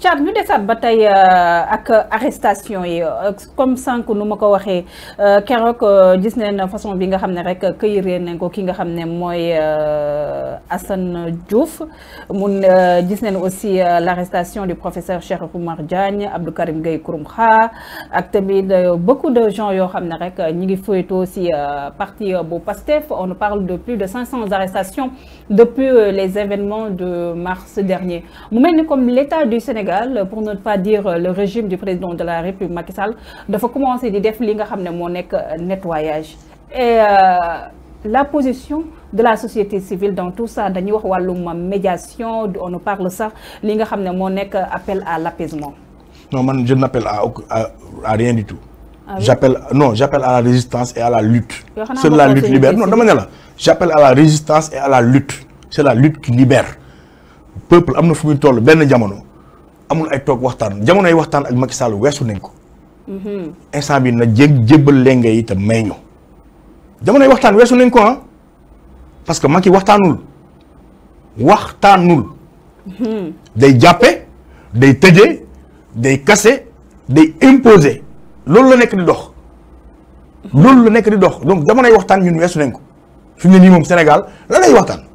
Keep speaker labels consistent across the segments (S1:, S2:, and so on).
S1: Tchad, nous avons ba bataille euh, ak arrestation euh, comme ça, nous avons ko waxee bataille avec neen façon bi nga xam bataille rek Hassan Djouf, ko ki nga euh, Assane Diouf mun aussi l'arrestation du professeur Cheikh Marjani, Diagne Abdou Karim beaucoup de gens qui ont ne rek ñi ngi aussi parti au Pastef on parle de plus de 500 arrestations depuis les événements de mars dernier Nous avons comme l'État du Sénégal pour ne pas dire le régime du président de la République Macky Sall dafa commencer à def li nga euh, nettoyage et euh, la position de la société civile dans tout ça on wax médiation on nous parle de ça, nga xam appelle appel à l'apaisement
S2: non je n'appelle à, rien du tout ah j'appelle non j'appelle à la résistance et à la lutte c'est la lutte libère non non, j'appelle à la résistance et à la lutte c'est la lutte qui libère peuple am il amul ay toog waxtaan jamonoy waxtaan ak Macky Sall weesu nañ ko. Mhm. instant bi na jég jébbal lenge yi te may ñu. jamonoy waxtaan weesu nañ ko ah. parce que Macky waxtaanul waxtaanul. Mhm. day jàppe day tëjee day kase day imposer loolu la nekk di dox. Mhm. loolu la nekk di dox donc jamonoy waxtaan ñun weesu nañ ko fi ne nii moom Sénégal la lay waxtaan.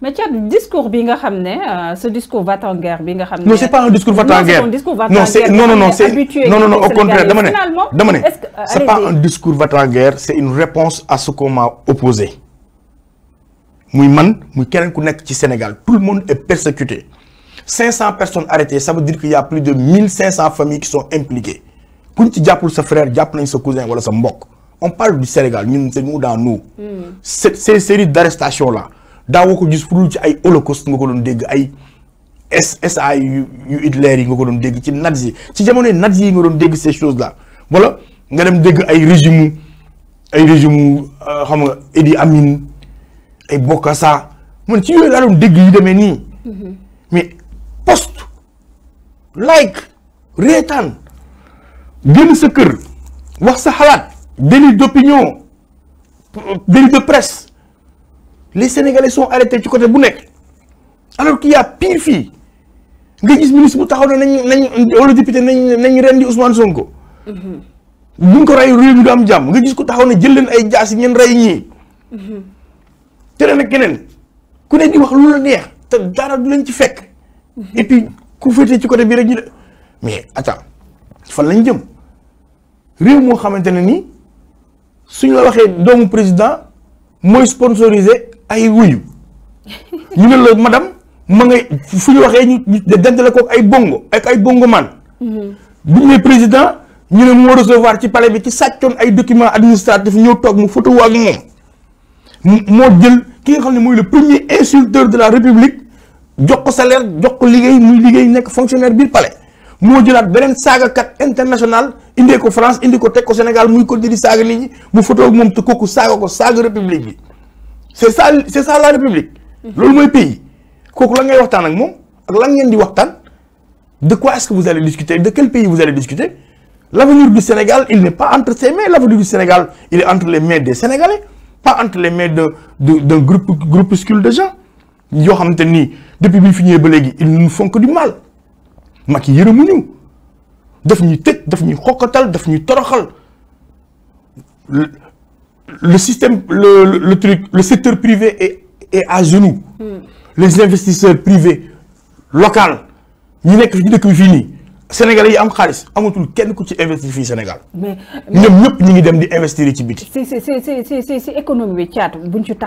S1: mais tu as du discours bi nga euh, ce discours va-t-en-guerre Non, ce n'est non c'est pas un discours va-t-en-guerre non c'est non non non c'est non non non au contraire dama ne dama euh, c'est pas un
S2: discours va-t-en-guerre c'est une réponse à ce qu'on m'a opposé Moi, man muy keneen qui Sénégal tout le monde est persécuté 500 personnes arrêtées ça veut dire qu'il y a plus de 1500 familles qui sont impliquées Quand tu ci jàppul frère jàpp nañ cousin wala ça on parle du Sénégal nous c'est nous dans nous. Hmm. cette série d'arrestations là. daawoo ko gis fudul ci ay holocauste nga ko doon dégg ay SSA yu yu Hitler yi nga ko doon dégg ci nazi ci jamonoy nazi yi nga doon dégg ces choses là wala nga dem dégg ay régime ay régime euh, xam nga Idi Amin ay Bokassa man ci yooyu laa doon dégg yi demee nii mhm. mais post like reetaan génn sa wax sa xalaat délit d'opinion délit de presse le sénégalais sont arrêtés ci côté bu nekk alors qu'il y a fii nga gis ministre bu taxaw ne nañ nañ wala député nañ nañ rendi Ousmane Sonko. Mhm. buñ ko rey réew mi du am jàmm nga gis ko taxaw ne jël leen ay jaas yi rey ñii. Mhm. tere a keneen ku ne di wax lu la neex te dara du leen ci fekk. Mhm. et puis ku féetee ci côté bi rek ñu la mais attends fan lañ jëm réew moo xamante ne ni suñ la waxee doomu président mooy sponsorisé ay wuyu ñu ne la madame ma ngay fu ñu waxee ñu ñu dentale ko ay bongo ak ay bongo man mhm. bu ñu président ñu ne moo recevoir ci pale bi ci sàccoon ay documents administratifs ñoo toog mu photo ak moom moo jël ki nga xam ne mooy le premier insulteur de la république jox ko salaire jox ko liggéey muy liggéey nekk fonctionnaire biir palais moo jëlaat beneen saagakat international indee ko France indi ko teg ko Sénégal muy continuer di saaga nit ñi mu photo ak moom kooku saaga ko saaga république bi. c'est ça ça la république. ça le pays Quand la ngay vous ak vous ak la vous de quoi est-ce que vous allez discuter de quel pays vous allez discuter l'avenir du Sénégal il n'est pas entre ses mains l'avenir du Sénégal il est entre les mains des Sénégalais pas entre les mains de d'un groupe groupuscule de gens ont depuis bi fini nous font que du mal Macky sont daf ñuy tëj daf ñuy le système, le, truc, le secteur privé est, est à genoux. Hmm. Les investisseurs privés, locaux, ñi sont ñu Les Sénégalais ils am investir au Sénégal.
S1: mais ñoom
S2: ñëpp investir
S1: C'est c'est